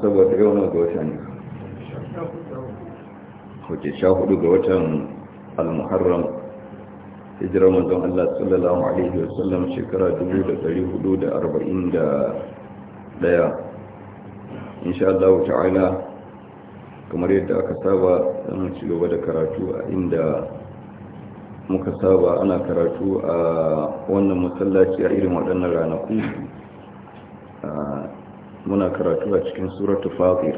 saboda yau na ga watan wace sha hudu ga watan al-muharram hijirar manzon Allah sallallahu alaihi wasallam shekara 1441 insha Allah ta'ala kamar yadda aka saba zamu ci gaba da karatu a inda muka saba ana karatu a wannan masallaci a irin waɗannan ranaku ah, muna karatu a cikin suratu fatir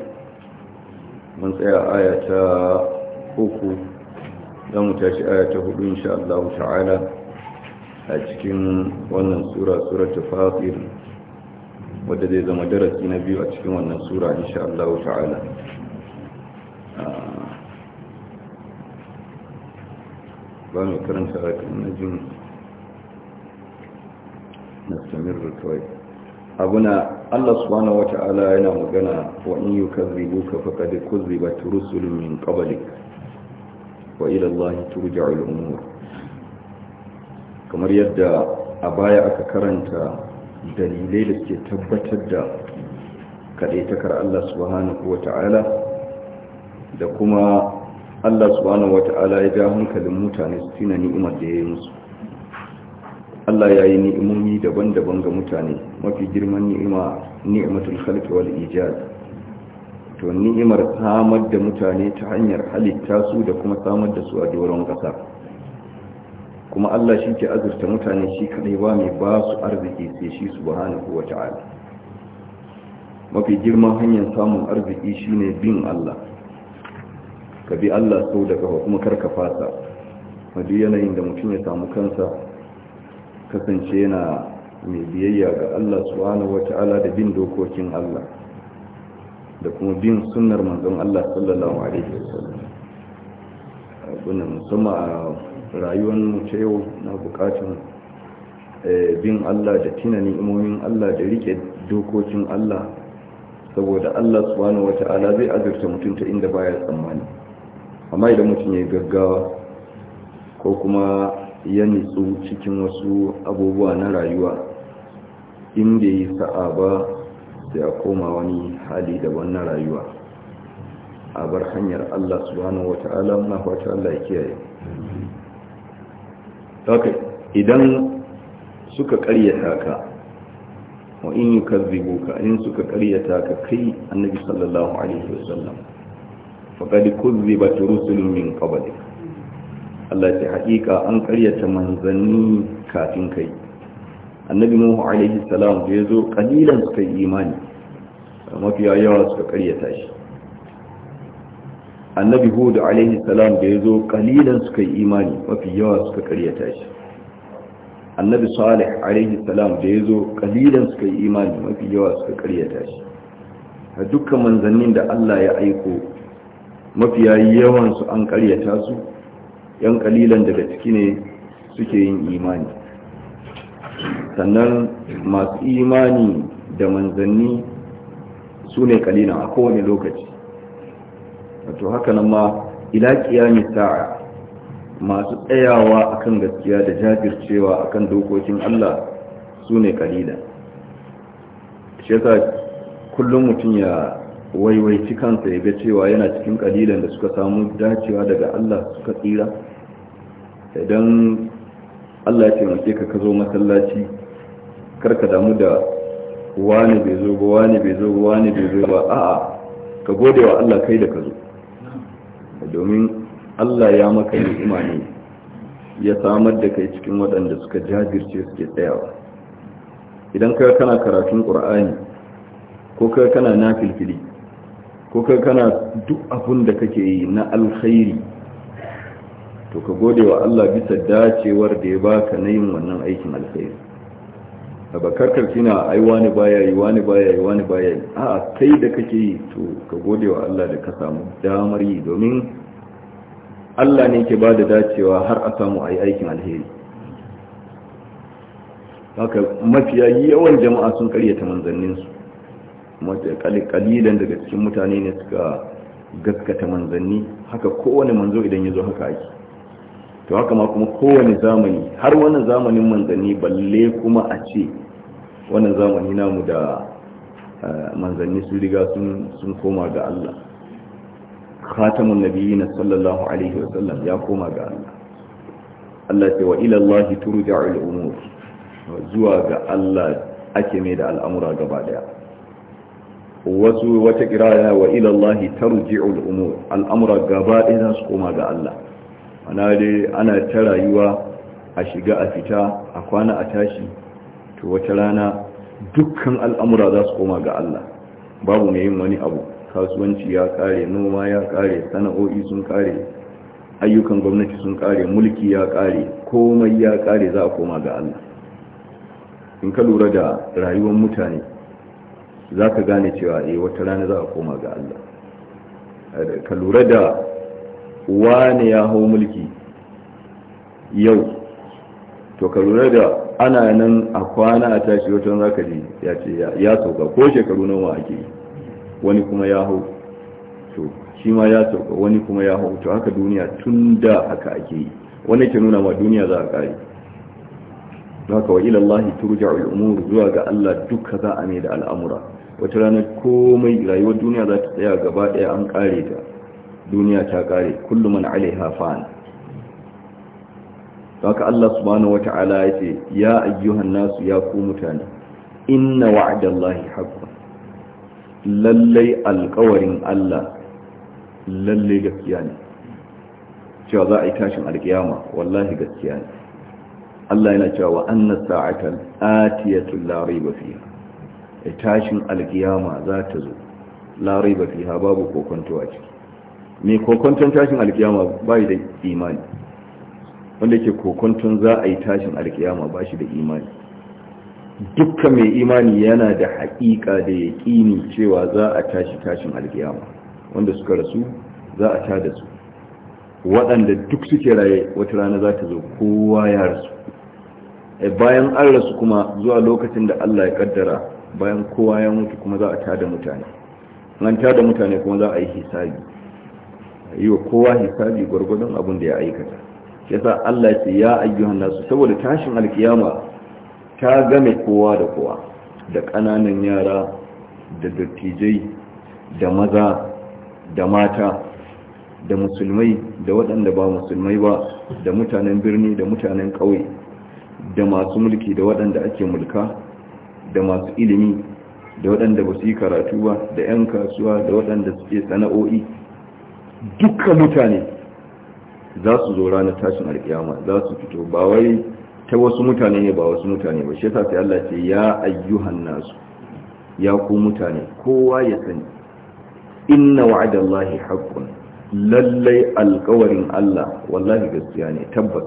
mun tsaya aya ta uku don mu tashi aya ta hudu insha Allah ta'ala a cikin wannan sura suratu fatir wadda zai zama darasi na biyu a cikin wannan sura insha Allah ta'ala ah. ba mai karanta a kan najin na samun kawai abuna Allah subhanahu wata'ala yana magana wa in yukazzibuka faqad kuzzibat rusulun min qablik wa ila Allah turja'ul umur kamar yadda a baya aka karanta dalilai da suke tabbatar da kadaitakar Allah subhanahu wata'ala da kuma Allah subhanahu wata'ala ya ja hankalin mutane su tina ni'imar da ya yi musu Allah ya yi ni'imomi daban-daban ga mutane mafi girman ni'ima ni'imatul khalq wal ijaz to ni'imar samar da mutane ta hanyar halitta su da kuma samar da su a doron kasa kuma Allah shi ke azurta mutane shi kadai ba mai ba su arziki sai shi subhanahu wata'ala mafi girman hanyar samun arziki shine bin Allah ka bi Allah sau da kafa kuma karka fasa a duk yanayin da mutum ya samu kansa kasance yana mai biyayya ga Allah subhanahu wata'ala da bin dokokin Allah da kuma bin sunnar manzon Allah sallallahu alaihi wasallam abuna musamman a rayuwar mu ta yau na bukatun eh, bin Allah da tunanin imomin Allah da rike dokokin Allah saboda Allah subhanahu wata'ala zai azurta mutum ta inda baya tsammani amma idan mutum ya gaggawa ko kuma ya nitsu cikin wasu abubuwa na rayuwa inda yi sa'a ba sai a koma wani hali daban na rayuwa a bar hanyar Allah subhanahu wata'ala na fata Allah ya kiyaye okay idan suka karyata ka wa in yi yukazzibu ka in suka karyata ka kai annabi sallallahu alaihi wasallam faqad kuzzibat rusulun min qablik Allah ce haƙiƙa an ƙaryata manzanni kafin kai annabi Nuhu alaihi salam da ya zo kalilan suka yi imani mafiya yawa suka ƙaryata shi annabi Hudu alaihi salam da ya zo kalilan suka yi imani mafi yawa suka ƙaryata shi annabi Salih alaihi salam da ya zo kalilan suka yi imani mafi yawa suka ƙaryata shi dukkan manzannin da Allah ya aiko mafiya yawansu an ƙaryata su yan kalilan daga ciki ne suke yin imani sannan masu imani da manzanni su ne kalilan a kowane lokaci wato haka nan ma ila kiyami sa'a masu tsayawa akan gaskiya da jajircewa akan dokokin Allah su ne kalilan shi yasa kullum mutum ya waiwaici kansa ya ga cewa yana cikin kalilan da suka samu dacewa daga Allah suka tsira idan Allah ya taimake ka ka zo masallaci kar ka damu da wani bai zo ba wani bai zo ba wani bai zo ba a'a ka gode wa Allah kai da ka zo domin Allah ya maka ni'ima ne ya samar da kai cikin waɗanda suka jajirce suke tsayawa idan kai kana karatun ƙur'ani, ko kai kana nafilfili ko kai kana duk abun da kake yi na alkhairi to ka gode wa Allah bisa dacewar da ya baka na yin wannan aikin alkhairi abakarkar kina ai wani baya yi wani baya yi wani baya yi a'a kai da kake yi to ka gode wa Allah da ka samu damar yi domin Allah ne ke bada dacewa har a samu ai aikin alheri haka mafiya yawan jama'a sun karyata manzanninsu kalilan daga cikin mutane ne suka gaskata manzanni haka kowane manzo idan ya zo haka ake to haka ma kuma kowane zamani har wannan zamanin manzanni balle kuma a ce wannan zamani namu da eh, manzanni sun riga sun koma ga Allah khatamun nabiyina sallallahu alaihi wasallam ya koma ga Allah Allah ce wa ila Allah turja'ul umur zuwa ga Allah ake mai da al'amura gaba daya wasu wata kiraya wa ila Allah tarji'ul umur al'amura gaba daya su koma ga Allah ana dai ana ta rayuwa a shiga a fita a kwana a tashi to wata rana dukkan al'amura za su koma ga Allah babu mai yin wani abu kasuwanci ya kare noma ya kare sana'o'i sun kare ayyukan gwamnati sun kare mulki ya kare komai ya kare za a koma ga Allah in ka lura da rayuwar mutane za ka gane cewa e wata rana za a koma ga Allah ka lura da wani ya hau mulki yau to ka lura da ana nan a kwana a tashi wata zaka ji ya ce ya sauka ko shekaru nawa ake wani kuma ya hau to shi ma ya sauka wani kuma ya hau to haka duniya tun da haka ake yi wani ke nuna ma duniya za a kare haka wa ilallahi turja al'umur zuwa ga Allah duka za a mai da al'amura wata ranar komai rayuwar duniya za ta tsaya gaba daya an kare ta duniya ta kare kullu man alaiha fan haka Allah subhanahu wata'ala ya ce ya ayyuhan nasu ya ku mutane inna wa'dallahi haqqun lallai alƙawarin Allah lallai gaskiya ne cewa za a yi tashin alkiyama wallahi gaskiya ne Allah yana cewa wa annas sa'atan atiyatul la rayba fiha e, tashin alkiyama za ta zo la rayba fiha babu kokonto a ciki mai kokonton tashin alkiyama ba shi da imani wanda ke kokonton za a yi tashin alkiyama ba shi da imani Dukka mai imani yana da haƙiƙa da yaƙini cewa za a tashi tashin alkiyama wanda suka rasu za a ta da su waɗanda duk suke raye wata rana za ta zo kowa ya rasu e, bayan an rasu kuma zuwa lokacin da allah ya ƙaddara bayan kowa ya mutu kuma za a ta da mutane an ta da mutane kuma za a yi hisabi yi wa kowa hisabi gwargwadon abin da ya aikata yasa Allah ce ya ayyuhan nasu saboda tashin alkiyama ta game kowa da kowa da ƙananan yara da dattijai da maza da mata da musulmai da waɗanda ba musulmai ba da mutanen birni da mutanen ƙauye da masu mulki da waɗanda ake mulka da masu ilimi da waɗanda ba su yi karatu ba da 'yan kasuwa da waɗanda suke sana'o'i dukkan mutane za su zo ranar tashin alkiyama za su fito ba wai ta wasu mutane ne ba wasu mutane ba shi ta sai Allah ce ya ayyuhan nasu ya ku mutane kowa ya sani inna wa'adallahi haqqun lallai alkawarin Allah wallahi gaskiya ne tabbas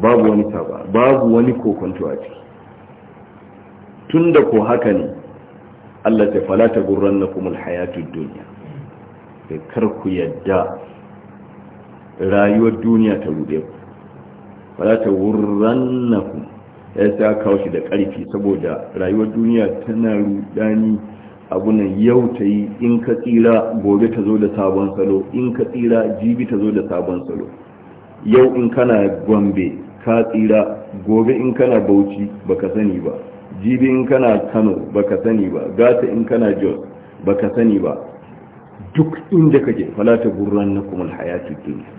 babu wani saba babu wani kokonto a ciki tunda ko haka ne Allah ta fala ta kuma alhayatu dunya da kar ku yadda rayuwar duniya ta rube ku za ta ku ya sa kawo shi da karfi saboda rayuwar duniya tana rudani abunan yau ta yi in ka tsira gobe ta zo da sabon salo in ka tsira jibi ta zo da sabon salo yau in kana gombe ka tsira gobe in kana bauchi baka sani ba jibi in kana kano baka sani ba gata in kana jos baka sani ba duk inda kake fala ta gurran na kuma hayatu duniya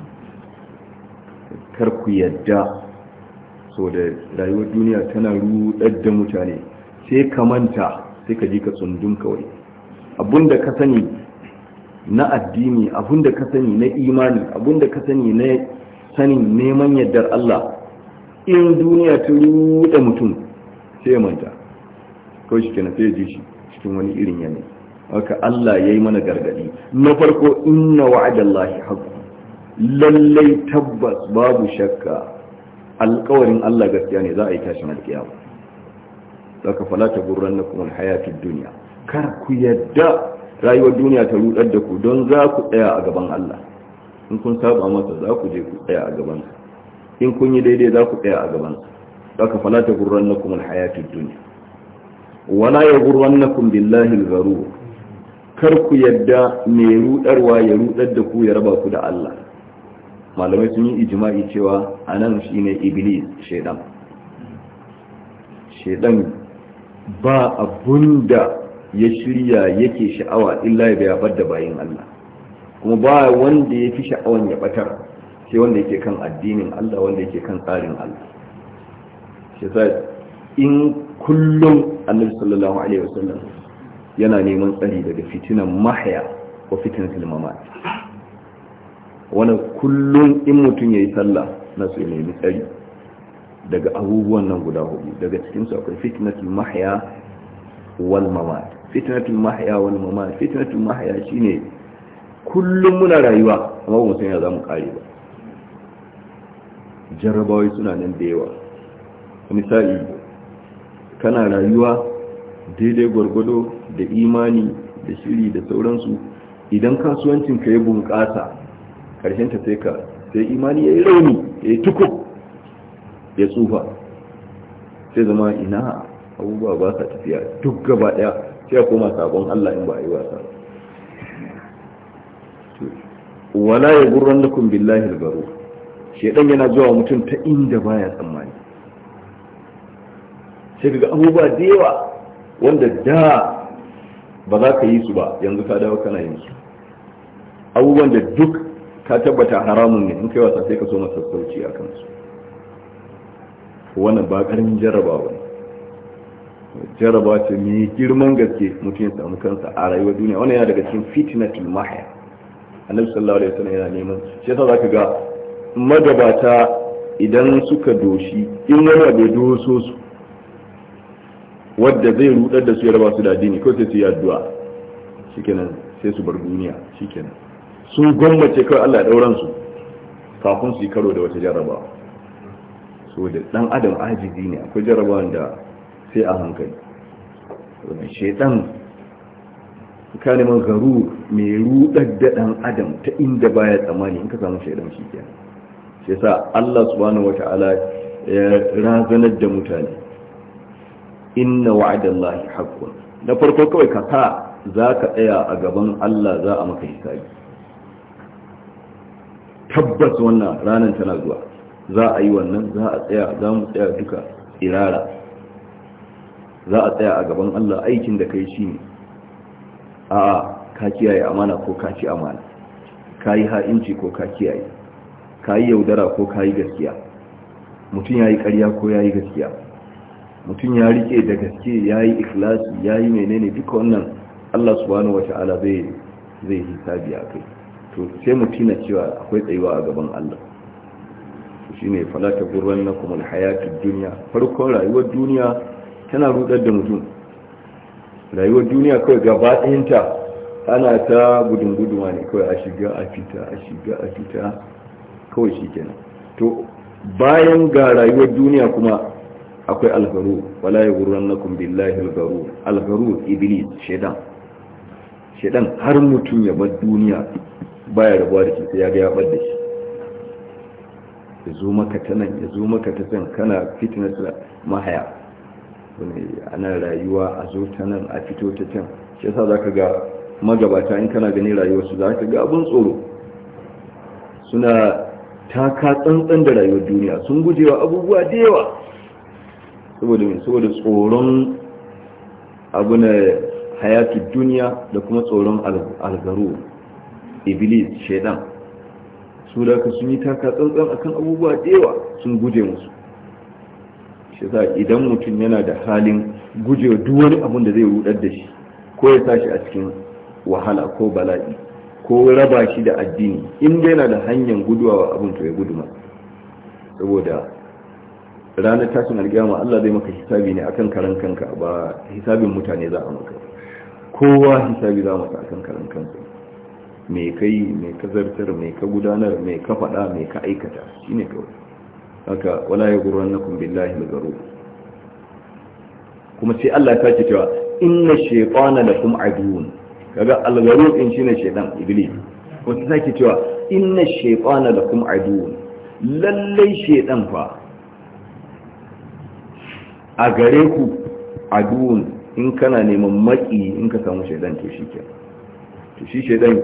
kar ku yadda so da rayuwar duniya tana rudar da mutane sai ka manta sai ka ji ka tsundun kawai abinda ka sani na addini abinda ka sani na imani abinda ka sani na sanin neman yadda Allah in duniya ta ruɗa mutum sai manta kawai shi kenan sai ji shi cikin wani irin yanayi haka Allah ya yi mana gargadi na farko inna lahi haqqu lallai tabbas babu shakka alkawarin Allah gaskiya ne za a yi tashin alkiyama daga falata gurran na kuma hayatun duniya kar ku yadda rayuwar duniya ta rudar da ku don za ku tsaya a gaban Allah in kun saba masa za ku je ku tsaya a gaban in kun yi daidai za ku tsaya a gaban daga falata gurran na kuma hayatun duniya wala ya gurran na kuma billahi garuru kar ku yadda mai rudarwa ya rudar da ku ya raba ku da Allah malamai sun yi ijima'i cewa anan shine iblis shaidan. Shaidan ba abunda ya shirya yake sha'awa illa ya bar da bayin Allah kuma ba wanda ya fi sha'awan ya batar sai wanda yake kan addinin Allah wanda yake kan tsarin Allah shi in kullum annabi sallallahu alaihi wasallam yana neman tsari daga fitinan mahaya ko fitinan mamat wani kullum in mutum ya yi sallah na su nemi tsari daga abubuwan nan guda hudu daga cikinsu akwai fitinatul mahaya wal mamat fitinatul mahaya wal mamat fitinatul mahaya shine kullum muna rayuwa amma ba mu san ya zamu kare ba jarrabawai suna nan da yawa misali kana rayuwa daidai gwargwado da imani da shiri da sauransu idan kasuwancin ka ya bunƙasa ƙarshen ta sai ka sai imani ya yi rauni ya yi ya tsufa sai zama ina abubuwa ba sa tafiya duk gaba ɗaya sai ya koma sabon Allah in ba a yi wasa wala ya gurran kun billahi al-gharur yana zuwa mutum ta inda baya tsammani sai daga abubuwa da yawa wanda da ba za ka yi su ba yanzu ka dawo kana yin su abubuwan da duk ka tabbata haramun ne in kai wasa sai ka so masa sauci a kansu wannan ba karin jarrabawa ne jaraba ce mai girman gaske mutum ya samu kansa a rayuwar duniya wannan yana daga cikin fitnatul mahya annabi sallallahu alaihi wasallam yana neman shi yasa zaka ga magabata idan suka doshi in wani bai doso su wadda zai rudar da su ya raba su da addini ko sai su yi addu'a shikenan sai su bar duniya shikenan sun gwammace kawai Allah ya dauran su kafin su yi karo da wata jaraba. so da dan adam ajizi ne akwai jaraba da sai a hankali wannan shedan man garu mai rudar da dan adam ta inda baya tsammani in ka samu shedan shikenan sai sa Allah subhanahu wataala ya razanar da mutane inna wa'adallahi haqqun Da farko kawai ka ta za ka tsaya a gaban Allah za a maka hisabi tabbas wannan ranar tana zuwa za a yi wannan za a tsaya za mu tsaya duka irara za a tsaya a gaban Allah aikin da kai shi ne a ka kiyaye amana ko ka ci amana ka yi ha'inci ko ka kiyaye ka yi yaudara ko ka yi gaskiya mutum ya yi ƙarya ko ya yi gaskiya mutum ya rike da gaske ya yi ikhlasi ya yi menene duka wannan allah subhanahu wata'ala zai zai hisabi a kai to sai mutum na cewa akwai tsayuwa a gaban allah to shine falata ta na kuma hayatin duniya farkon rayuwar duniya tana rudar da mutum rayuwar duniya kawai gaba ɗayanta ana ta gudun guduma ne kawai a shiga a fita a shiga a fita kawai shi kenan to bayan ga rayuwar duniya kuma akwai algaru wala ya wurin na billahi algaru algaru iblis shedan shedan har mutum ya bar duniya baya rabuwa da shi sai ya ga ya bar da shi ya zo maka ta nan ya zo maka ta can kana fitness mahaya ana rayuwa a zo ta nan a fito ta can shi yasa zaka ga magabata in kana gani rayuwar su zaka ga abun tsoro suna taka tsantsan da rayuwar duniya sun gujewa abubuwa da yawa saboda tsoron abu na hayati duniya da kuma tsoron algaru iblis shaidan su da ka sun yi taka tsantsan akan abubuwa da yawa sun guje musu shi idan mutum yana da halin guje duk wani abun da zai rudar da shi ko ya sa shi a cikin wahala ko bala'i ko raba shi da addini inda yana da hanyar guduwa wa abin to ya gudu saboda ranar tashin alkiyama Allah zai maka hisabi ne akan karan kanka ba hisabin mutane za a maka kowa hisabi za maka akan karan kanka me kai me ka zartar me ka gudanar me ka faɗa me ka aikata shi ne kawai haka wala kumbin lahi da gharur kuma sai Allah ta ce cewa inna da kuma aduwwun kaga al in shi shine shaytan iblis kuma ta ce cewa inna da kuma aduwwun lallai shaidan fa a gare ku a duwun in kana neman maki in ka samu shaidan to shi to shi shaidan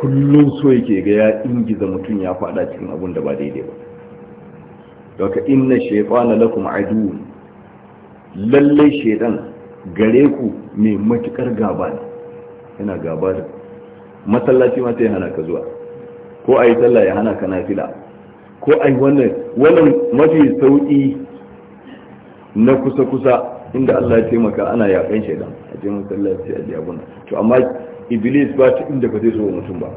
kullum so yake ga ya ingiza mutum ya fada cikin abun da ba daidai ba daga inna shaitana lakum aduwun lallai shaidan gare ku mai matukar gaba ne yana gaba da masallaci ma sai hana ka zuwa ko a yi sallah ya hana ka nafila ko a yi wannan wannan mafi sauƙi na kusa-kusa inda Allah ya taimaka ana yakan shaidan a ce masallaci a jabuna to amma iblis ba ta inda ka zai so mutum ba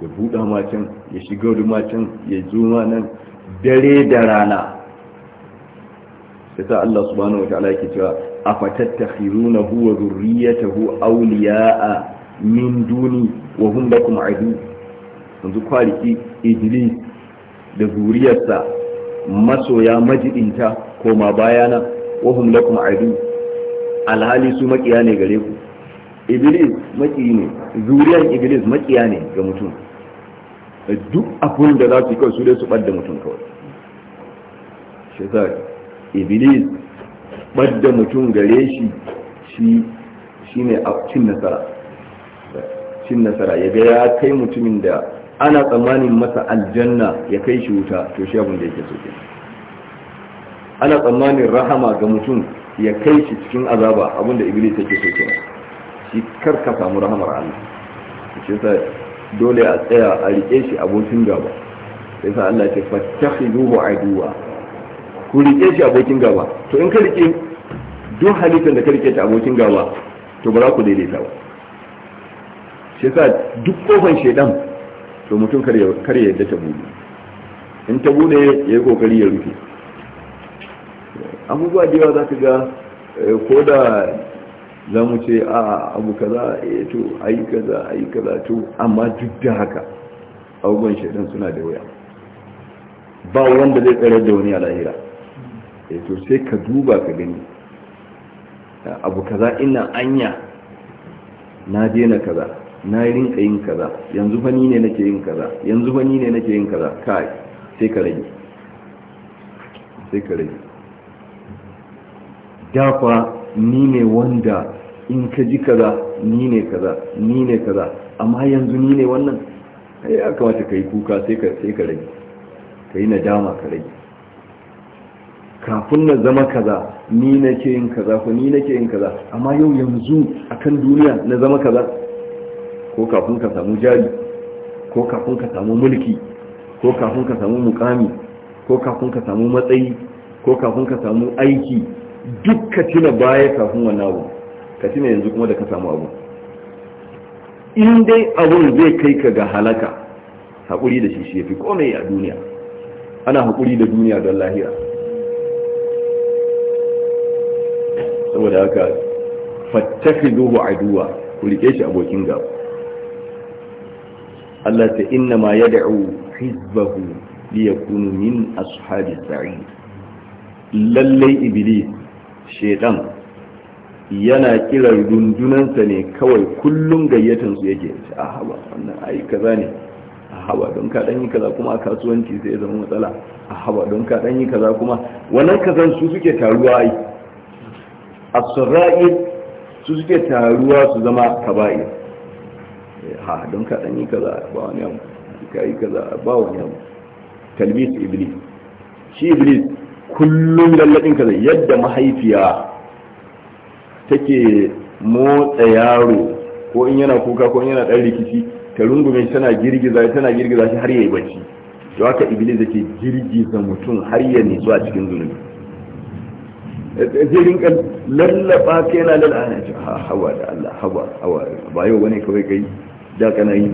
ya buɗa macin ya shiga macin ya zuma nan dare da rana sai ta Allah subhanahu wa ta'ala yake cewa afatattakhiruna huwa zurriyatahu awliya'a min duni wa hum lakum adu yanzu kwariki iblis da zuriyarsa masoya majidinta koma bayana wahum lakum adu alhali su makiya ne gare ku iblis maki ne zuriyar iblis makiya ne ga mutum duk abun da za su kawai su dai su ɓadda mutum kawai shi sa iblis ɓadda mutum gare shi shi ne a cin nasara cin nasara ya ga ya kai mutumin da ana tsammanin masa aljanna ya kai shi wuta to shi abin da yake so kenan ana tsammanin rahama ga mutum ya kai shi cikin azaba abinda iblis yake so kenan shi kar ka samu rahamar Allah shi yasa dole a tsaya a rike shi abokin gaba sai sa Allah ya ce fattakhiduhu aduwa ku rike shi abokin gaba to in ka rike duk halittar da ka rike ta abokin gaba to ba za ku daidaita ba shi yasa duk kofan shedan to mutum kar ya yadda ta bude in ta bude yayi kokari ya rufe abubuwa da yawa za ka ga eh, ko da za mu ce a abu kaza ya eh, to ayi kaza ayi kaza to amma duk da haka abubuwan shaidan suna da waya ba wanda zai tsare da wani alahira lahira ya eh, to sai ka duba ka gani abu kaza ina anya na dena kaza na rinka yin kaza yanzu fa ni ne nake yin kaza yanzu fa ni ne nake yin kaza kai sai ka rage sai ka rage dafa ni ne wanda in ka ji kaza ni ne kaza ni ne kaza amma yanzu ni ne wannan sai ya kamata ka yi kuka sai ka sai ka rage ka yi nadama ka rage kafin na zama kaza ni na ke yin kaza ko ni na ke yin kaza amma yau yanzu a kan duniya na zama kaza ko kafin ka samu jari ko kafin ka samu mulki ko kafin ka samu mukami ko kafin ka samu matsayi ko kafin ka samu aiki duk ka tuna baya kafin wannan abu ka tuna yanzu kuma da ka samu abu in dai abun zai kai ka ga halaka haƙuri da shi shi ya fi komai a duniya ana haƙuri da duniya don lahira saboda haka fattafi zuhu aduwa ku rike shi abokin gaba Allah ta inna ma ya da'u hizbahu liyakunu min ashabi sa'id lallai iblis shedan yana kira rundunansa ne kawai kullum gayyatan su yake a haba wannan ayi kaza ne a haba don ka dan yi kaza kuma a kasuwanci sai ya zama matsala a haba don ka dan yi kaza kuma wannan kazan su suke taruwa ai as-sara'id su suke taruwa su zama kaba'i eh, ha don ka dan yi kaza ba wani abu ka yi kaza ba wani abu talbis iblis shi iblis kullum lallaɗin ka zai yadda mahaifiya take motsa yaro ko in yana kuka ko in yana ɗan rikici ta rungume shi tana girgiza shi tana girgiza shi har yayi bacci to haka iblis yake girgiza mutum har ya nitsu a cikin zunubi zai rinka lallaba ka yana lallaba ce ha hawa da Allah hawa hawa ba yau wani kawai kai da kana yi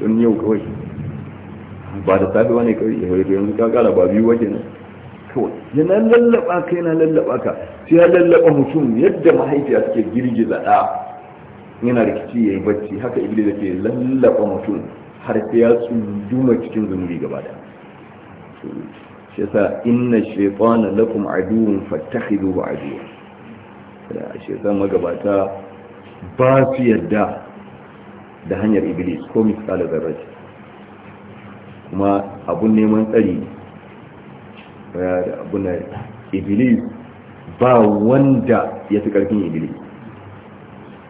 don yau kawai ba da safe wani kawai ya yanzu ka kara ba biyu waje ne kawai yana lallaba ka yana lallaba ka sai ya lallaba mutum yadda mahaifiya take girgiza ɗa yana rikici ya yi bacci haka iblis yake lallaba mutum har sai ya tsunduma cikin zunubi gaba da shi yasa inna shaytana lakum aduwwun fattakhiduhu aduwwa da shi yasa magabata ba su yadda da hanyar iblis ko misali zarrace kuma abun neman tsari abuna iblis ba wanda ya fi karfin iblis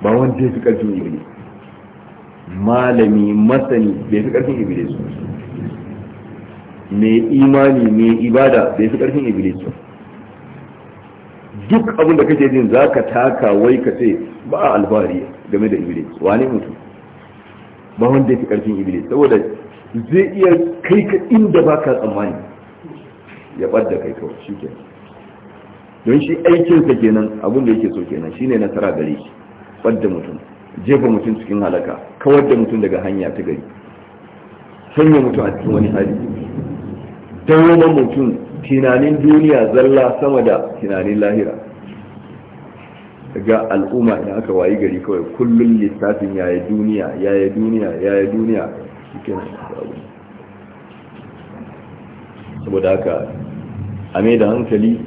ba wanda ya fi karfin iblis malami masani bai fi karfin iblis mai imani mai ibada bai fi karfin iblis duk abin da kake jin zaka taka wai ka ce ba a alfahari game da iblis wani mutum ba wanda ya fi karfin iblis saboda zai iya kai ka inda baka tsammani ya ɓadda kai kawai shi ke don shi aikinsa kenan abin da yake so kenan shine nasara gare shi ɓadda mutum jefa mutum cikin halaka kawar da mutum daga hanya ta gari sanya mutum a cikin wani hali dawoma mutum tunanin duniya zalla sama da tunanin lahira ga al'umma idan aka wayi gari kawai kullum lissafin yaya duniya yaya duniya yaya duniya shi kenan saboda haka a mai da hankali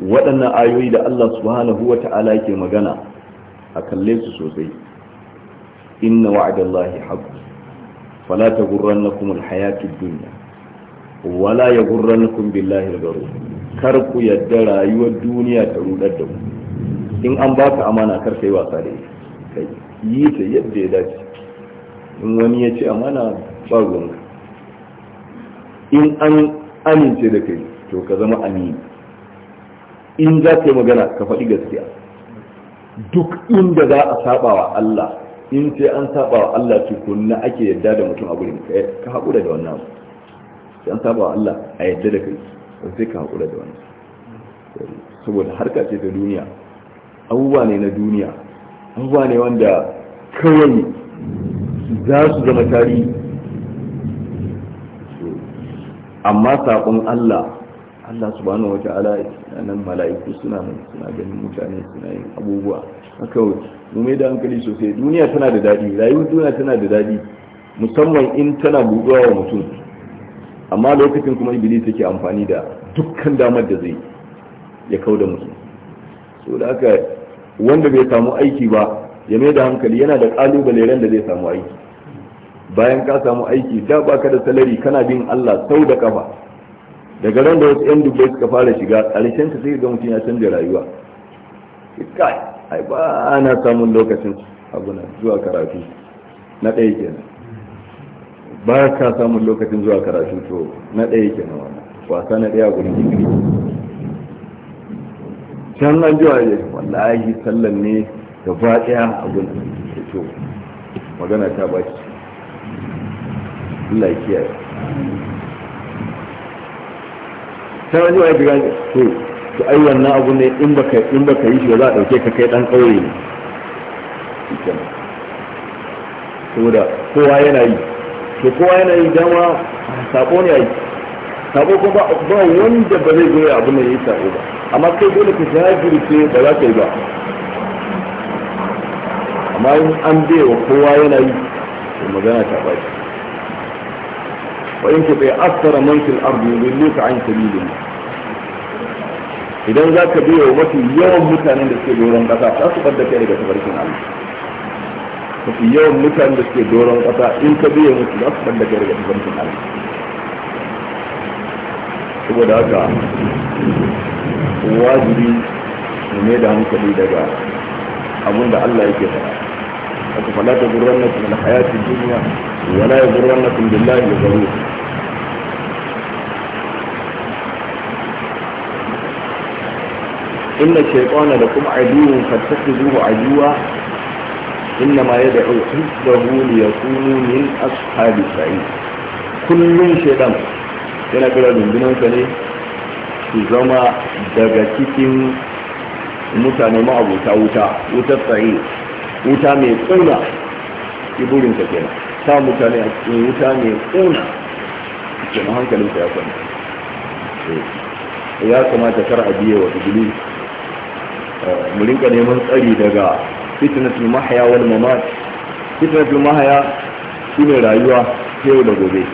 waɗannan ayoyi da Allah subhanahu wa ta'ala yake magana a kalle su sosai inna wa'adallahi haqq fala kuma alhayatud dunya wala yaghurrannakum billahi al-gharur kar ku yadda rayuwar duniya ta rudar da ku in an baka amana kar kai wasa da ita yi ta yadda ya dace in wani ya ce amana ba ruwanka in an amince da kai to ka zama amini in za ka yi magana ka faɗi gaskiya duk inda za a saba wa Allah in sai an saba wa Allah tukunna ake yadda da mutum a gurin ka eh, haƙura da wannan sai an saba wa Allah a yadda da kai sai ka haƙura da wannan saboda harka ce ta duniya abubuwa ne na duniya abubuwa ne wanda kawai za su zama tarihi amma saƙon Allah Allah subhanahu a nan mala'iku suna nan suna ganin mutane suna yin abubuwa haka mu mai da hankali sosai duniya tana da daɗi rayuwar duniya tana da daɗi musamman in tana buɗuwa wa mutum amma lokacin kuma ibili take amfani da dukkan damar da zai ya kau da mutum so da haka wanda bai samu aiki ba ya mai da hankali yana da ƙalubale ran da zai samu aiki bayan ka samu aiki da baka da salari kana bin Allah sau da kafa daga ran da wasu 'yan dubbai suka fara shiga ƙarshen ka sai ga mutum ya canza rayuwa kai ai ba ana samun lokacin abuna zuwa karatu na ɗaya kenan ba ka samun lokacin zuwa karatu to na ɗaya kenan wannan wasa na ɗaya gurin digiri can an jiwa ya wallahi sallan ne gaba ɗaya abun to magana ta baki Allah ya kiyaye sai wani wani biga to to ai wannan abu ne in baka in baka yi shi ba za a dauke ka kai dan kauye ne saboda kowa yana yi to kowa yana yi dama sako ne yi sako ko ba wanda ba zai goya abu ne yi sako ba amma kai dole ka jajirce ba za ka yi ba amma in an bai wa kowa yana yi to magana ta baci wa in ku bai aksara man ne ardi yudilluka an sabilillah idan za ka biya mafi yawan mutanen da suke doron kasa za su bar da kai daga tabarkin Allah mafi yawan mutanen da suke doron kasa in ka biya musu za su bar da kai daga tabarkin Allah saboda haka wajibi ne da hankali daga abin da Allah yake faɗa فلا تغرنكم الحياة الدنيا ولا يغرنكم بالله الغرور إن الشيطان لكم عدو فاتخذوه عدوا إنما يدعو حزبه ليكونوا من أصحاب السعيد كل شيطان أنا كلا dundunansa ne su zama daga cikin mutane ma'abuta wuta mai ƙuna burin ta kenan sa mutane a cikin wuta mai na cikin ta ya kwanta eh, ya kamata kar a biye wa ibili eh, mu rinka neman tsari daga fitnatul mahya wal mamat fitnatul mahya shine rayuwa yau da gobe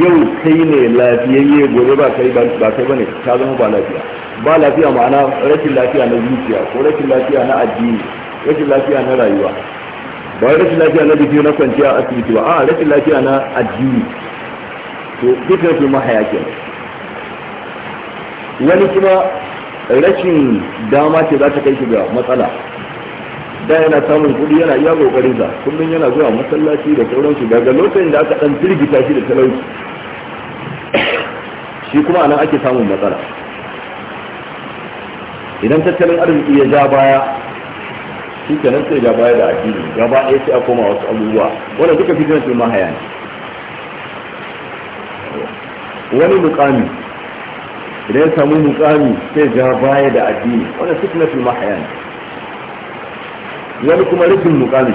yau kai ne lafiyayye gobe ba kai ba kai bane ta zama ba lafiya ba lafiya ma'ana rashin lafiya na zuciya ko rashin lafiya na addini rashin lafiya na rayuwa ba rashin lafiya na jiki na kwanciya a asibiti ba a rashin lafiya na addini to duka su mahaya wani kuma rashin dama ce za ta kai shi ga matsala da yana samun kuɗi yana iya kokarin sa kullum yana zuwa masallaci da sauransu daga lokacin da aka dan firgita shi da talauci shi kuma anan ake samun matsala idan tattalin arziki ya ja baya shi nan sai gaba da addini gaba ɗaya sai a koma wasu abubuwa wanda duka jinsu ma haya ne wani mukami idan ya samu mukami sai ja baya da addini wanda ma haya ne wani kuma rikin mukami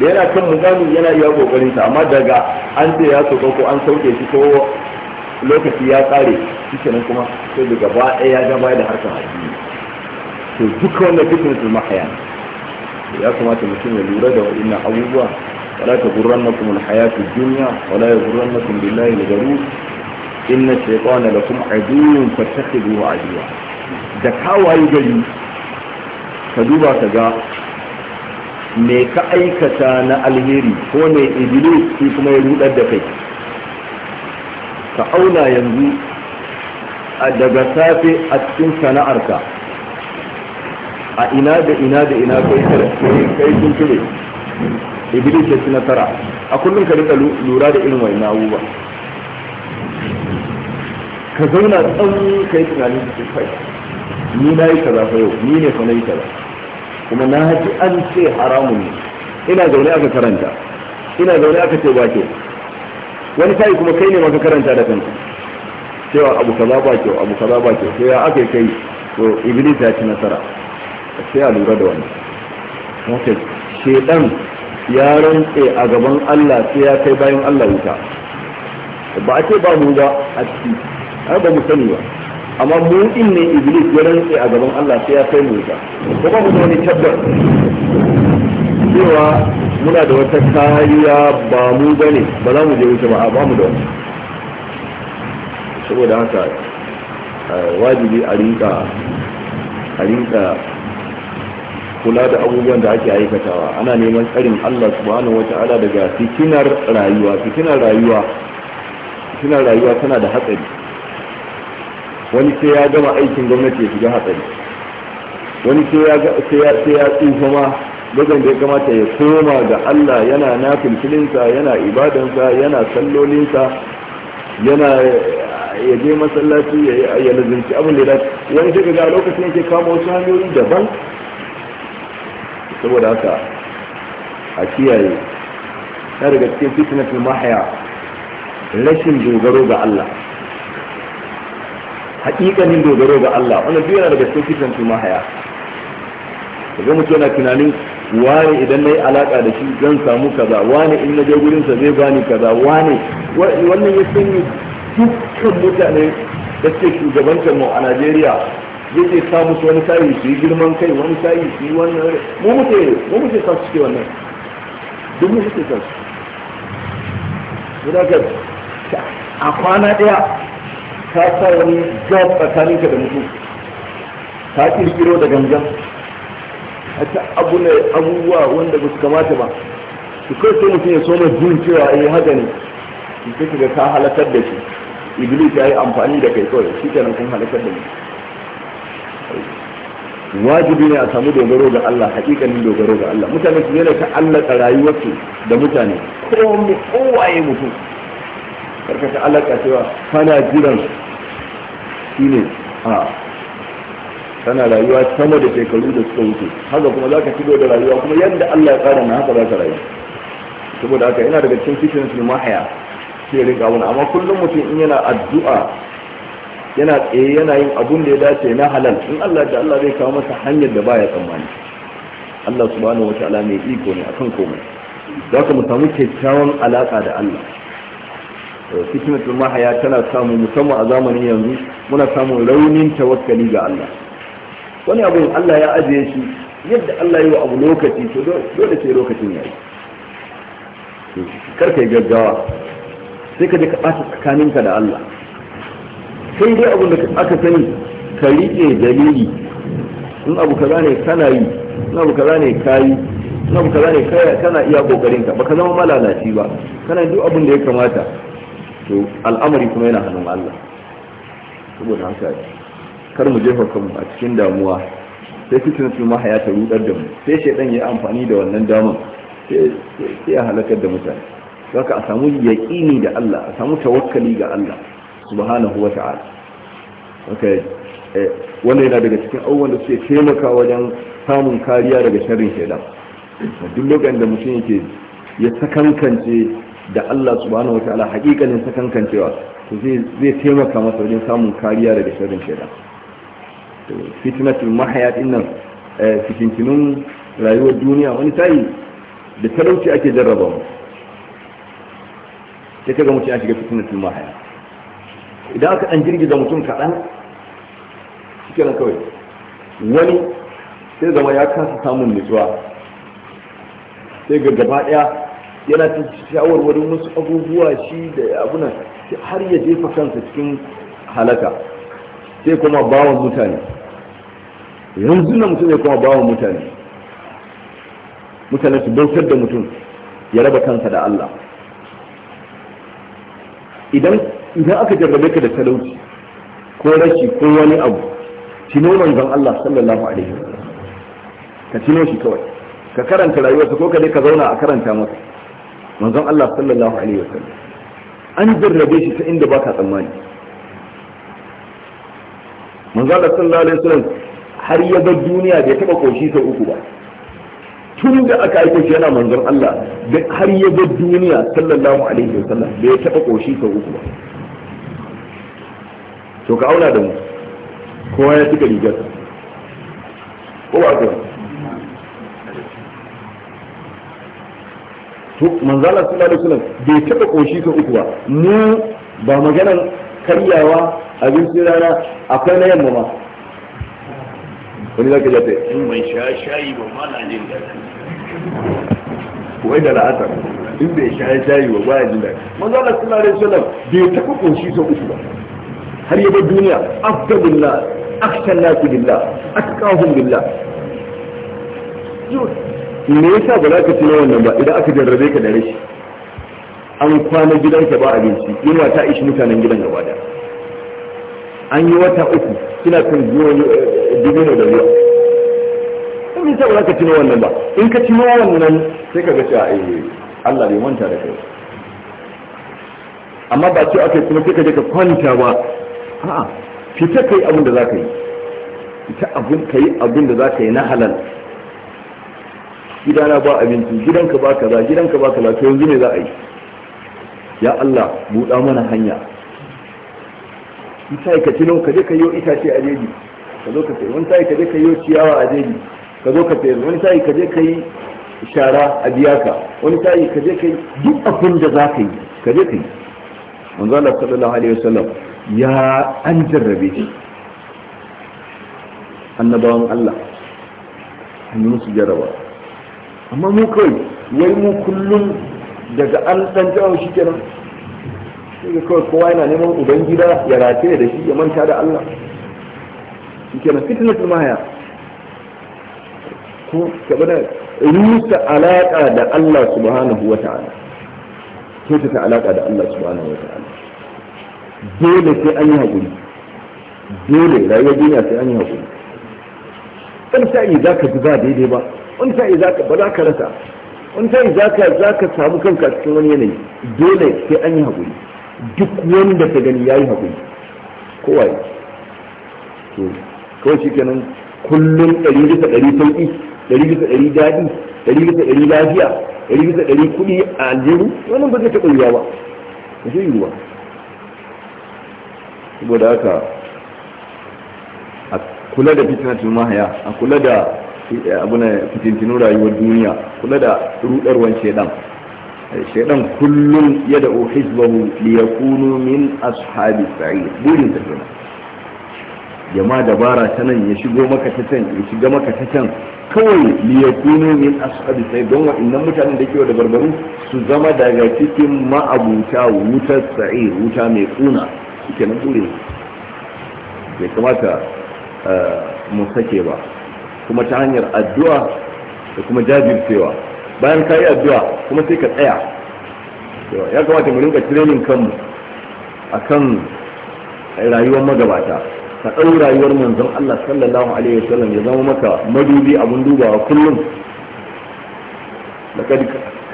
da yana kan mukami yana iya kokarin sa amma daga an ce ya soka ko an sauke shi ko lokaci ya kare shi nan kuma sai daga baya ɗaya ya ja baya da harkar addini to duka wannan ma haya ne ya kamata mutum ya lura da waɗannan abubuwa wala ta gurran na kuma hayatu duniya wala ya gurran na kuma billahi da garu inna shaytana lakum aduwwun fattakhiduhu aduwwa da kawaye gari ka duba ka ga me ka aikata na alheri ko mai iblis shi kuma ya rudar da kai ka auna yanzu daga safe a cikin sana'arka a ina da ina da ina kai kai sun cire iblis ya ci nasara a kullum ka rika lura da irin wani ba ka zauna tsawon kai tunanin cikin kai ni na yi kaza fa yau ni ne fa na yi kaza kuma na haji an ce haramun ne ina zaune aka karanta ina zaune aka ce ba ke wani sai kuma kai ne maka karanta da kanka cewa abu kaza ba kyau abu kaza ba kyau sai ya aka kai to iblis ya ci nasara sai a lura da wani wata shedan ya rantse a gaban Allah sai ya kai bayan Allah wuta ba a ce ba mu ba a ciki har ba mu sani ba amma mu din ne iblis ya rantse a gaban Allah sai ya kai mu wuta ko ba mu da wani tabbar cewa muna da wata kariya ba mu bane ba za mu je wuta ba a ba mu da wani saboda haka eh, wajibi a rinka a rinka kula da abubuwan da ake aikatawa ana neman tsarin Allah subhanahu wata'ala daga fitinar rayuwa fitinar rayuwa fitinar rayuwa tana da hatsari wani sai ya gama aikin gwamnati ya shiga hatsari wani sai ya sai ya tsufa ma gazan da ya kamata ya koma ga Allah yana nafilfilinsa yana ibadansa yana sallolinsa yana ya je masallaci ya lazimci abin da ya wani daga lokacin yake kama wasu hanyoyi daban saboda haka a kiyaye ta daga cikin fitnatul mahaya rashin dogaro ga Allah haƙiƙanin dogaro ga Allah wannan duk yana daga cikin fitnatul mahaya kaga mutum yana tunanin wani idan nayi alaka da shi zan samu kaza wani in na je gurin sa zai bani kaza wani. wannan ya sanya dukkan mutane da suke shugabantar mu a Najeriya yake sa musu wani sayi su yi girman kai wani sayi su yi wannan mu muke mu muke sa su ke wannan duk mu suke sa su guda ka a kwana daya ka sa wani gab tsakaninka da mutum ka kirkiro da gangan a ta abu ne abubuwa wanda ba su kamata ba su kai sai mutum ya mai jin cewa yi eh, haka ne sai ka ka halakar da shi iblis ya yi amfani da kai kawai shi kenan kun halakar da shi wajibi ne a samu dogaro ga Allah hakikanin dogaro ga Allah mutane su yana ta'allaka rayuwarsu da mutane kowanne kowaye mutum karka ka cewa kana jiran shi ne a kana rayuwa sama da shekaru da suka wuce haka kuma za ka shigo da rayuwa kuma yadda Allah ya tsara na haka za ka rayu saboda haka yana daga cikin fitin ne mahaya sai rinka wani amma kullum mutum in yana addu'a yana tsaye yana yin abun da ya dace na halal in Allah da Allah zai kawo masa hanyar da baya tsammani Allah subhanahu wa ta'ala mai iko ne akan komai za ka mu samu kyakkyawan alaka da Allah fitnatul mahaya tana samu musamman a zamanin yanzu muna samun raunin tawakkali ga Allah wani abu Allah ya ajiye shi yadda Allah yi wa abu lokaci to dole sai lokacin yayi kar yi gaggawa sai ka je ka ɓata tsakaninka da Allah kai dai abin da aka sani ka riƙe dalili in abu kaza ne kana yi in abu kaza ne ka yi in abu kaza ne kana iya kokarin ka baka zama malalaci ba kana duk abin da ya kamata to al'amari kuma yana hannun Allah saboda haka kar mu jefa kanmu a cikin damuwa sai fitin su ma haya ta rudar da mu sai shaidan ya amfani da wannan damar sai ya halakar da mutane zaka a samu yaƙini da Allah a samu tawakkali ga Allah subhanahu wa ta'ala eh, wannan yana daga cikin abubuwan da suke taimaka wajen samun kariya daga sharrin shaidan duk lokacin da mutum yake ya sakankance da Allah subhanahu wa ta'ala hakikanin sakankancewa to zai taimaka masa wajen samun kariya daga sharrin shaidan to fitnatul mahaya din eh, fitintinun rayuwar duniya wani tayi da talauci ake jarraba mu sai kaga mutum ya shiga fitnatul mahaya idan aka ɗan girgiza mutum kaɗan shi nan kawai wani sai zama ya kasa samun nutsuwa sai ga gaba ɗaya yana ta shawarwarin wasu abubuwa shi da abuna har ya jefa kansa cikin halaka sai kuma bawan mutane yanzu na mutum ya kuma bawan mutane mutane su bautar da mutum ya raba kansa da Allah idan idan aka jarrabe ka da talauci ko rashi ko wani abu tino manzon Allah sallallahu alaihi wasallam ka tino shi kawai ka karanta rayuwarsa ko ka dai ka zauna a karanta masa manzon Allah sallallahu alaihi wasallam an jarrabe shi ta inda baka tsammani manzon Allah sallallahu alaihi wasallam har ya bar duniya bai taba koshi sau uku ba tun da aka aiko shi yana manzon Allah har ya bar duniya sallallahu alaihi wasallam bai taba koshi sau uku ba to ka auna da mu kowa ya cika rigarsa ko ba ka to manzala su lalata sunan bai taba koshi ka uku ba mu ba maganan karyawa abinci rana akwai na yamma ma wani zaka jata in ban sha shayi ba ma na jin daɗi wai da la'ata in bai sha shayi ba ba ya jin daɗi manzala sallallahu alaihi wasallam bai taɓa ƙoshi ka uku ba har yaba duniya afdalillah akshan nasu billah atqahum billah me yasa ba za ka tuna wannan ba idan aka jarrabe ka da rashi an kwana gidanka ba abinci yunwa ta ishi mutanen gidan gaba da an yi wata uku kina kan zuwa dubino da ruwa in yasa ba za ka tuna wannan ba in ka tuna wannan sai ka ga cewa eh Allah bai manta da kai amma ba ce aka kuma sai ka je ka kwanta ba a'a fita ka yi abin da za ka yi fita abin ka yi abin da za ka yi na halal gidana ba abinci gidanka ba kaza gidanka ba kaza to yanzu ne za a yi ya Allah buɗa mana hanya ita ka tilo ka je ka yo itace a jeji ka zo ka sayar wani sai ka je ka yo ciyawa a jeji ka zo ka sayar wani sai ka je ka yi shara a biya ka wani sai ka je ka yi duk abin da za ka yi ka je ka yi manzo Allah sallallahu alaihi wasallam ya an jarrabe shi annabawan Allah an yi musu jarraba amma mu kawai wai mu kullum daga an dan jawo shi kenan sai kawai kowa yana neman ubangida ya rataye da shi ya manta da Allah shi kenan ta mahaya ko gaba da rusa alaƙa da Allah subhanahu wa ta'ala kyautata alaƙa da Allah subhanahu wa ta'ala dole sai an yi haƙuri dole rayuwar duniya sai an yi haƙuri wani sa'i za ka ji ba daidai ba wani sa'i za ka ba za ka rasa wani sa'i za ka za ka samu kanka cikin wani yanayi dole sai an yi haƙuri duk wanda ka gani ya yi haƙuri kowa ya to kawai shi kenan kullum ɗari bisa ɗari sauƙi ɗari bisa ɗari daɗi ɗari bisa ɗari lafiya ɗari bisa ɗari kuɗi a aljihu wannan ba zai taɓa yiwuwa ba zai yiwuwa saboda haka a kula da fitnatul mahaya a kula da eh, abuna fitintinu rayuwar duniya kula da rudarwan shaidan eh, shaidan kullum ya da hizbahu li yakunu min ashabi sa'id burin ta kenan jama dabara ta nan ya shigo maka ta can ya shiga maka ta can kawai li yakunu min ashabi sa'id don wa'annan mutanen da kewa da barbaru su zama daga cikin ma'abuta wutar sa'id wuta mai kuna suke na bure bai kamata eh, mu sake ba kuma ta hanyar addu'a da kuma jajircewa bayan ka yi addu'a kuma sai ka tsaya ya kamata mu rinka tirenin kanmu a kan rayuwar magabata ka ɗau rayuwar manzon Allah sallallahu alaihi wasallam ya zama maka madubi abun dubawa kullum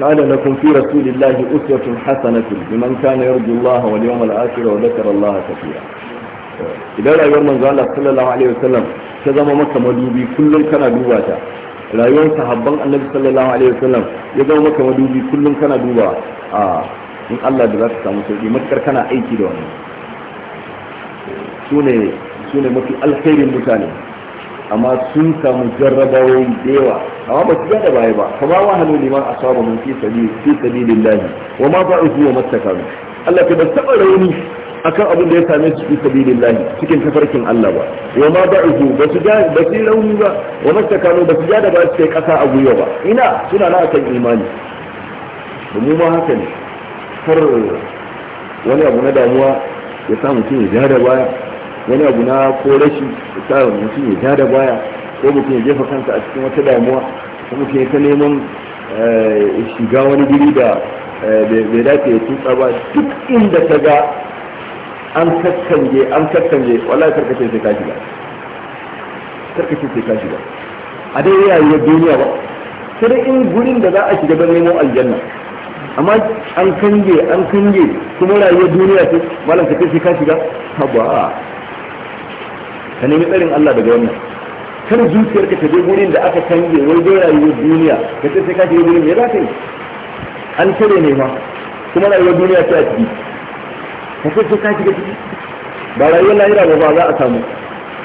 كان لكم في رسول الله أسوة حسنة لمن كان يرجو الله واليوم الآخر وذكر الله كثيرا idan rayuwar manzo Allah sallallahu alaihi wasallam ta zama maka madubi kullum kana duba ta rayuwar sahabban annabi sallallahu alaihi wasallam ya zama maka madubi kullum kana duba a in Allah da za ka samu sauki matukar kana aiki da wannan sune mafi mutane amma sun samu jarrabawoyi da yawa amma ba su gada baya ba Kuma wa halu liman asaba min fi sabili fi sabilillahi wa ma ba'u wa mastakanu Allah ke ba taba rauni akan abin da ya same su fi sabilillahi cikin tafarkin Allah ba wa ma ba'u ba su ga ba su rauni ba wa mastakanu ba su gada ba su kai kasa a gwiwa ba ina suna na akan imani mu ma haka ne har wani abu na damuwa ya samu cin ya da baya wani abu na ko rashi sa mutum ya ja da baya ko mutum ya jefa kansa a cikin wata damuwa ko mutum ya ta neman eh, shiga wani biri da eh, bai dace ya tutsa ba duk inda ta ga an kakkanje an kakkanje wallahi karkace sai ka shiga karkace sai ka shiga a dai yayin duniya ba sai dai in gurin da za a shiga don neman aljanna amma an kange an kange kuma rayuwar duniya ce malam ka sai ka shiga haba ka nemi tsarin Allah daga wannan kar zuciyar ka je gurin da aka canje wai da rayuwar duniya ka ce sai ka je gurin me za ka yi an cire ne ma kuma rayuwar duniya ta ciki ka ce sai ka shiga ciki ba rayuwar lahira ba ba za a samu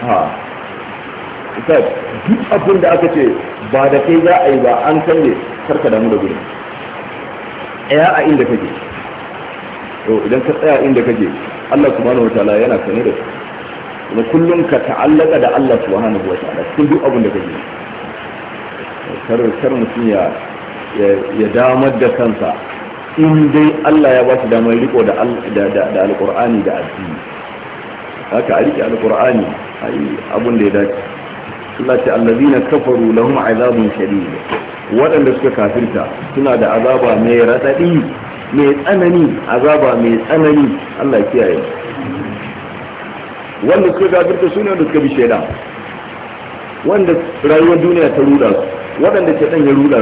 ha ita duk abin da aka ce ba da kai za a yi ba an canje karka damu da gurin tsaya a inda kake to idan ka tsaya inda kake Allah subhanahu wataala yana sane da su kuma kullum ka ta'allaka da Allah subhanahu wa ta'ala cikin duk abin da kake kar kar mutum ya ya damar da kansa in dai Allah ya ba shi damar riko da da alqur'ani da addini haka a rike alqur'ani ai abin da ya dace Allah ta allazina kafaru lahum azabun shadid waɗanda suka kafirta suna da azaba mai radadi mai tsanani azaba mai tsanani Allah ya kiyaye wanda suka gafirta su ne wanda suka bi shaidan wanda rayuwar duniya ta ruda su waɗanda shaidan ya ruda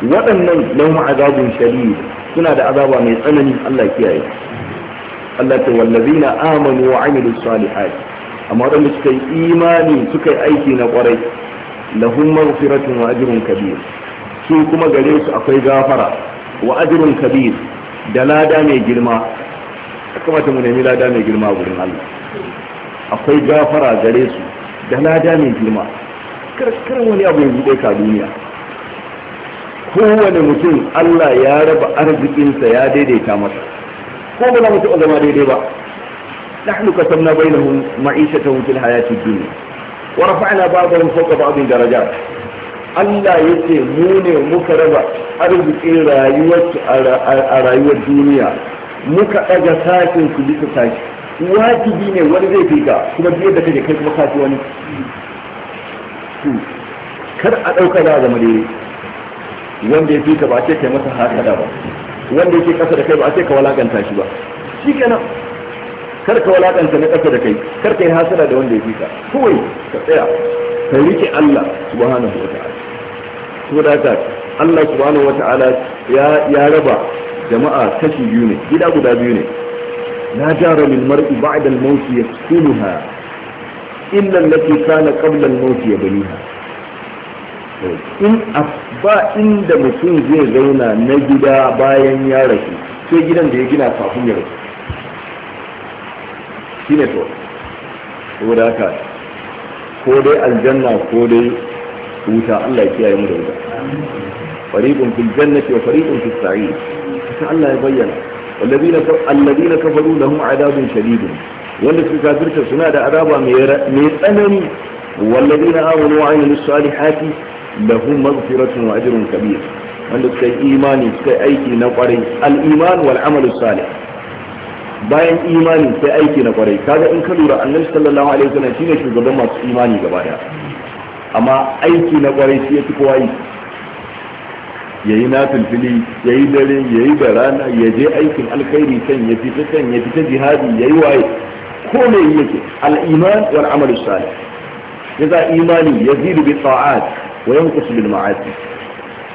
su waɗannan lahum azabun shadid suna da azaba mai tsanani Allah kiyaye Allah ta na amanu wa amilus salihat amma waɗanda suka yi imani suka yi aiki na ƙwarai lahum maghfiratun wa ajrun kabir su kuma gare su akwai gafara wa ajrun kabir da lada mai girma kamata mu nemi lada mai girma gurin Allah akwai gafara gare su da lada mai girma karkar wani abu yanzu dai ka duniya kowane mutum Allah ya raba arzikinsa ya daidaita masa ko ba za mu taɓa zama daidai ba nahnu kasamna bainahum ma'ishatahum fil hayati dunya wa rafa'na ba'dahum fawqa ba'din daraja Allah ya ce mu ne muka raba arzikin rayuwar a rayuwar duniya muka ɗaga sashin su bisa sashi wajibi ne wani zai fi ka kuma duk yadda kake kai kuma ka fi wani kar a ɗauka za a zama daidai wanda ya fi ka ba a ce kai masa hasada ba wanda yake kasa da kai ba a ce ka walakanta shi ba shi kenan kar ka walakanta na kasa da kai kar ka yi hasada da wanda ya fi ka kawai ka tsaya ka rike Allah subhanahu wa ta'ala da ka Allah subhanahu wa ta'ala ya raba jama'a kashi biyu ne gida guda biyu ne لا جار للمرء بعد الموت يسكنها إلا التي كان قبل الموت يبنيها in ba inda mutum zai zauna na gida bayan ya rasu sai gidan da ya gina kafin ya rasu shi ne to da haka ko dai aljanna ko dai wuta Allah ya kiyaye mu da wuta fariqun fil jannati wa fariqun fis sa'ir sai Allah ya bayyana alladina kafaru da adabun shadidun wanda su kafirta suna da azaba mai tsanani walladina amanu wa amilus salihati lahum maghfiratun wanda suka yi imani suka yi aiki na kwarai al'iman wal amalu salih bayan imani sai aiki na kwarai kaga in ka lura annabi sallallahu alaihi wasallam shine shugaban masu imani gaba daya amma aiki na kwarai shi yake kowa yi ya yi nafilfili ya yi dare ya yi da rana ya je aikin alkhairi can ya fita can ya fita jihadi ya yi waye ko me yake al-iman wal amal salih yaza imani yazidu bi ta'at wa yanqus bil ma'asi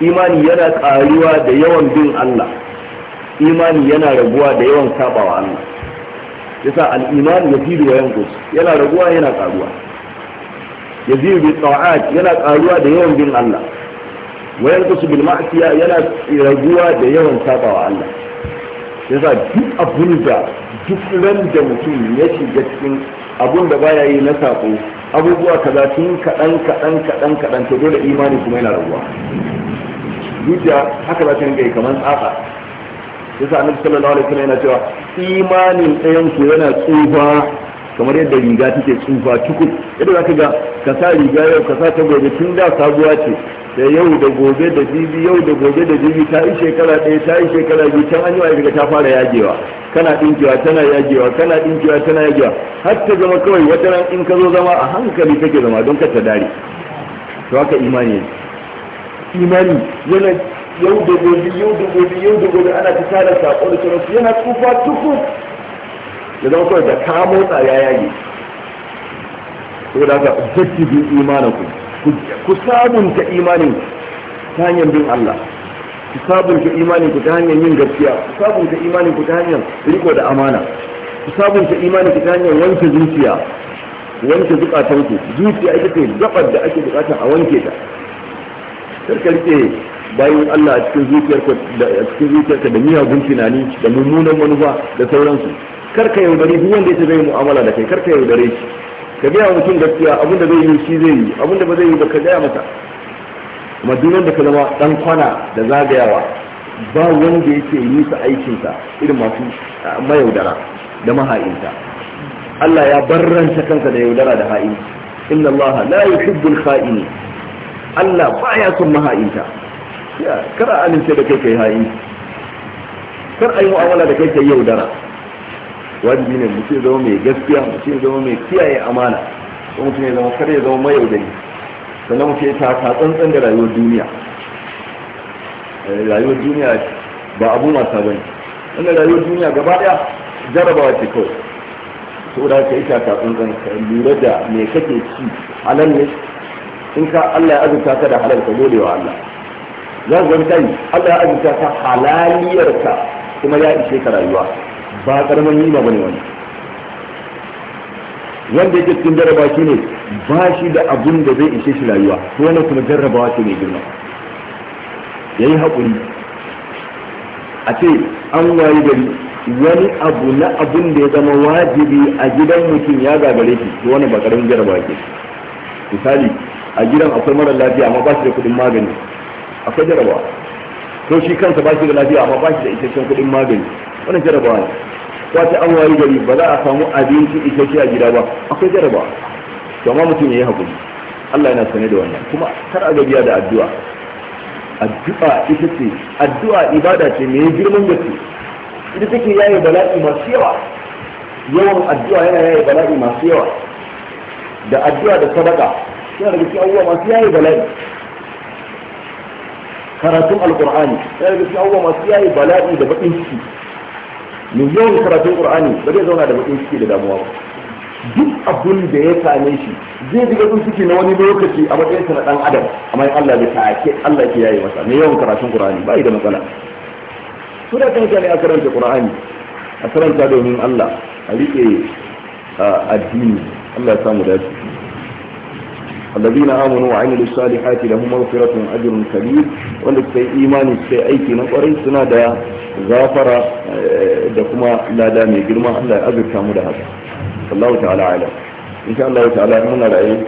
imani yana karuwa da yawan bin Allah imani yana raguwa da yawan sabawa Allah yasa al-iman yazidu wa yanqus yana raguwa yana karuwa yazidu bi ta'at yana karuwa da yawan bin Allah wa yanqusu bil ma'siya yana raguwa da yawan wa Allah yasa duk abun da duk ran da mutum ya shiga cikin abun da baya yi na sako abubuwa kaza sun kaɗan kaɗan kaɗan kaɗan to dole imani kuma yana raguwa zuciya haka za ta rinka yi kamar tsatsa yasa annabi sallallahu alaihi wasallam yana cewa imanin ɗayan ku yana tsufa kamar yadda riga take tsufa tukun yadda zaka ga ka sa riga yau ka sa ta gobe tun da sabuwa ce da yau da gobe da jibi yau da gobe da jibi ta yi shekara ɗaya ta yi shekara biyu can an yi wa ta fara yagewa kana ɗinkewa tana yagewa kana ɗinkewa tana yagewa har ta zama kawai wata ran in ka zo zama a hankali kake zama don kar ta dare to haka imani imani yana yau da gobe yau da gobe yau da gobe ana ta tara sako da su yana tsufa tuku da zama kawai da ka motsa ya yage saboda haka zakki bi ku. ku sabunta imanin ta hanyar bin Allah ku sabunta imanin ku ta hanyar yin gaskiya ku sabunta imanin ku ta hanyar riko da amana ku sabunta imanin ku ta hanyar wanke zuciya wanke ku zuciya ita ce gabar da ake bukata a wanke ta karka rike bayan Allah a cikin zuciyarka da cikin ka da miyagun tunani da mummunan manufa da sauransu karka yaudare duk wanda yake zai mu'amala da kai karka yaudare shi ka gaya mutum gaskiya abinda zai yi shi zai yi abinda ba zai yi ba ka gaya mata. kuma duk da ka zama dan kwana da zagayawa ba wanda yake yi sa aikinsa irin masu ah, mayaudara da maha'inta Allah ya barranta kansa da yaudara da ha'in inna Allah la yuhibbul kha'ini Allah baya son maha'inta Ya kar a amince da kai kai ha'in kar a yi mu'amala da kai kai yaudara wajibi ne mutum ya zama mai gaskiya mutum ya zama mai kiyaye amana ko mutum ya zama kare ya zama mai yaudari sannan mutum ya taka tsantsan da rayuwar duniya eh, rayuwar duniya ba abun wasa ba ne wannan rayuwar duniya gaba daya jarabawa ce kawai da haka ka taka tsantsan ka lura da me kake ci halal ne in ka Allah ya azurta ka da halal ka gode wa Allah za ka wani Allah ya azurta ka halaliyarka kuma ya ishe ka rayuwa ba karamin ba ne wani wanda yake cikin jarraba shi ne ba shi da abun da zai ishe shi rayuwa to wani kuma jarrabawa ce mai girma yi haƙuri a ce an wayi gari wani abu na abun da ya zama wajibi a gidan mutum ya gagare shi to wani ba karamin jarraba ke misali a gidan akwai mara lafiya amma ba shi da kuɗin magani akwai jarrabawa ko shi kansa ba shi da lafiya amma ba shi da isasshen kuɗin magani wannan jarrabawa ne wata an wayi gari ba za a samu abinci isasshe a gida ba akwai jaraba to amma mutum yayi hakuri Allah yana sane da wannan kuma kar a gabiya da addu'a addu'a ita ce addu'a ibada ce mai girman gaske ita take yaye bala'i masu yawa yawan addu'a yana yaye bala'i masu yawa da addu'a da sadaka yana daga cikin abubuwa masu yaye bala'i karatun alqur'ani yana daga cikin abubuwa masu yaye bala'i da baƙin ciki mai yawan karatun qur'ani ba zai zauna da bakin ciki da damuwa ba duk abun da ya same shi zai ji bakin ciki na wani lokaci a matsayin sa na dan adam amma in Allah bai take Allah ke yayi masa mai yawan karatun qur'ani ba da matsala su da kanka ne a karanta qur'ani a karanta domin Allah a rike addini Allah ya samu dace الذين آمنوا وعملوا الصالحات لهم مغفرة أجر كبير ولكي إيمان في أيك نقري سنادا غافر آه، دكما لا دامي قلما ألا أبر كامل هذا الله تعالى على إن شاء الله تعالى من العين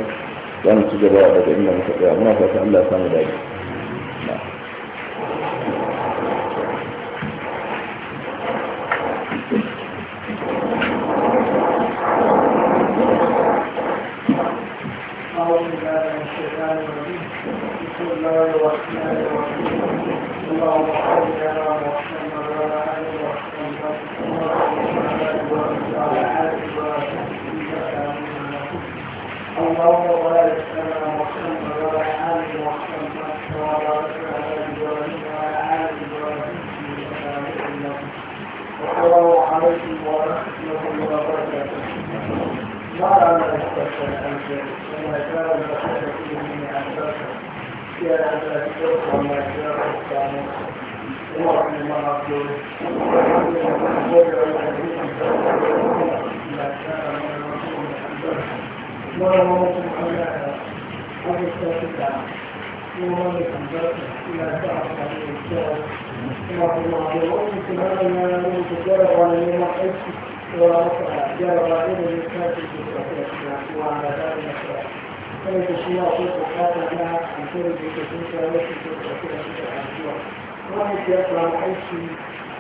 كانت تجربة إنما تجربة إنما تجربة إنما تجربة أعوذ بالله من الشيطان الرجيم بسم الله الرحمن الرحيم اللهم صل على محمد وعلى آل محمد اللهم بارك على آل محمد اللهم وعلى ذلك kada ka shi ya ko bukatar na alkhairar da yake sun kawo shi ko da kuma shi da kasuwa wani ya samu aiki ya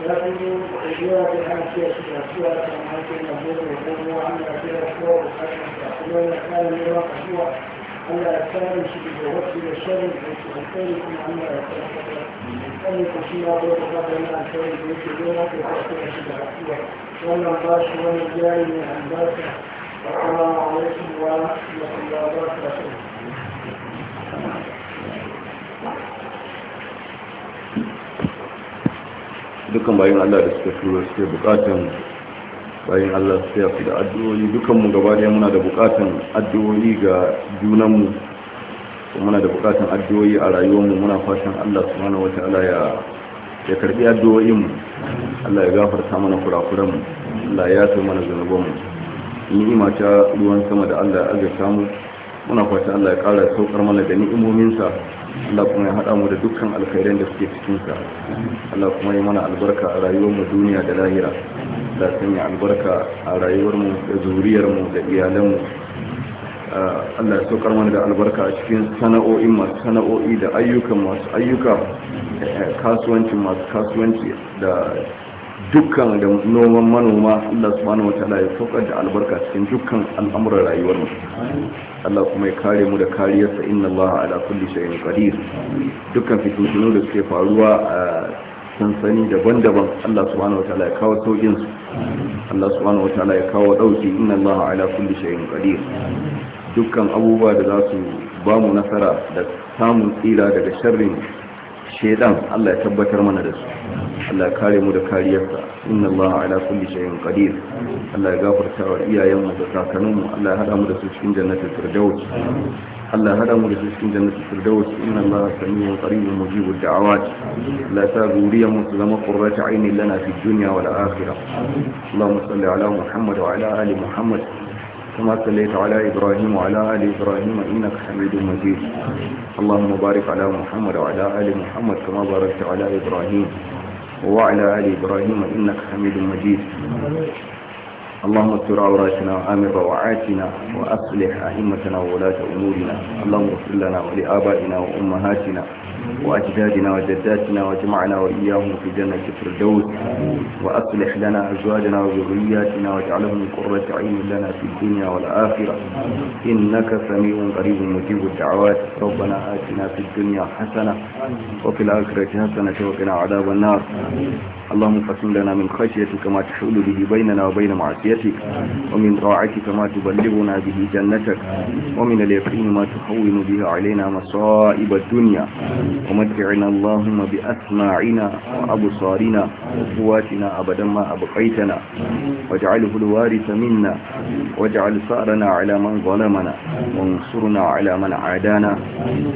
fito ajiyar da an ce shi da kasuwa da kan hankali na gona da gona an da ke da kowa bukatar da kuma ya kare yawa kasuwa Allah ya kare shi daga wasu da shirin da ke alkhairi kuma Allah ya kare kada ka shi ya ko bukatar na alkhairar da yake gona ko da kuma shi da kasuwa wannan ba shi wani jari ne an ba dukan bayan Allah da suka turo suke bukatan bayan Allah su ya fi da addu'o'i dukanmu gaba ɗaya muna da bukatan addu'o'i ga junanmu muna da bukatan addu'o'i a rayuwarmu muna fatan Allah subhanahu wata'ala ya ya karbi addu'o'inmu Allah ya gafarta mana kurakuranmu Allah ya yato mana zunubanmu ni'ima ta ruwan sama da Allah ya azurta mu muna fata Allah ya kara saukar mana da ni'imominsa Allah kuma ya haɗa mu da dukkan alkhairan da suke cikinsa Allah kuma ya mana albarka a rayuwar mu duniya da lahira da sanya albarka a rayuwar mu da zuriyar mu da iyalan mu ah, Allah ya saukar mana da albarka a cikin sana'o'i masu sana'o'i da ayyukan masu ayyuka eh, kasuwancin masu kasuwanci da dukkan da noman manoma Allah subhanahu wa ta'ala ya saukar da albarka cikin dukkan al'amuran rayuwar mu Allah kuma ya kare mu da kariyarsa inna Allah ala kulli shay'in qadir dukkan fitintunu da suke faruwa a sansani daban-daban Allah subhanahu wataala ya kawo saukin su Allah subhanahu wataala ya kawo dauki inna Allah ala kulli shay'in qadir dukkan abubuwa da za su ba mu nasara da samun tsira daga sharrin shedan Allah ya tabbatar mana da su Allah ya kare mu da kariyarsa inna Allah ala kulli shay'in qadir Allah ya gafarta wa iyayenmu da kakannin Allah ya hada mu da su cikin jannatul firdaus Allah ya hada mu da su cikin jannatul firdaus inna Allah samiyyun qaribun mujibud da'awat la ta zuriya mu zama qurratu ayni lana fid dunya wal akhirah Allahumma salli ala Muhammad wa ala ali Muhammad كما صليت على إبراهيم وعلى آل إبراهيم إنك حميد مجيد اللهم بارك على محمد وعلى آل محمد كما باركت على إبراهيم وعلى آل إبراهيم إنك حميد مجيد اللهم استر عوراتنا وآمن روعاتنا وأصلح أئمتنا وولاة أمورنا اللهم اغفر لنا ولآبائنا وأمهاتنا وأجدادنا وجداتنا واجمعنا وإياهم في جنة الفردوس وأصلح لنا أزواجنا وذرياتنا واجعلهم قرة عين لنا في الدنيا والآخرة إنك سميع قريب مجيب الدعوات ربنا آتنا في الدنيا حسنة وفي الآخرة حسنة وقنا عذاب النار اللهم فصل لنا من خشيتك ما تحول به بيننا وبين معصيتك ومن طاعتك ما تبلغنا به جنتك ومن اليقين ما تهون به علينا مصائب الدنيا ومتعنا اللهم بأسماعنا وأبصارنا وقواتنا أبدا ما أبقيتنا واجعله الوارث منا واجعل ثارنا على من ظلمنا وانصرنا على من عادانا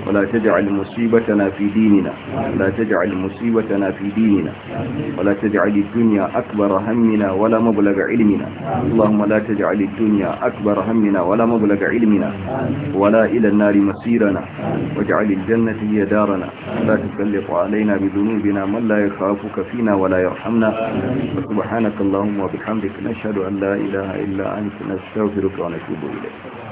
ولا تجعل مصيبتنا في ديننا ولا تجعل مصيبتنا في ديننا ولا تجعل الدنيا أكبر همنا ولا مبلغ علمنا اللهم لا تجعل الدنيا أكبر همنا ولا مبلغ علمنا ولا إلى النار مصيرنا واجعل الجنة هي دارنا لا تسلط علينا بذنوبنا من لا يخافك فينا ولا يرحمنا سبحانك اللهم وبحمدك نشهد أن لا إله إلا أنت نستغفرك ونتوب إليك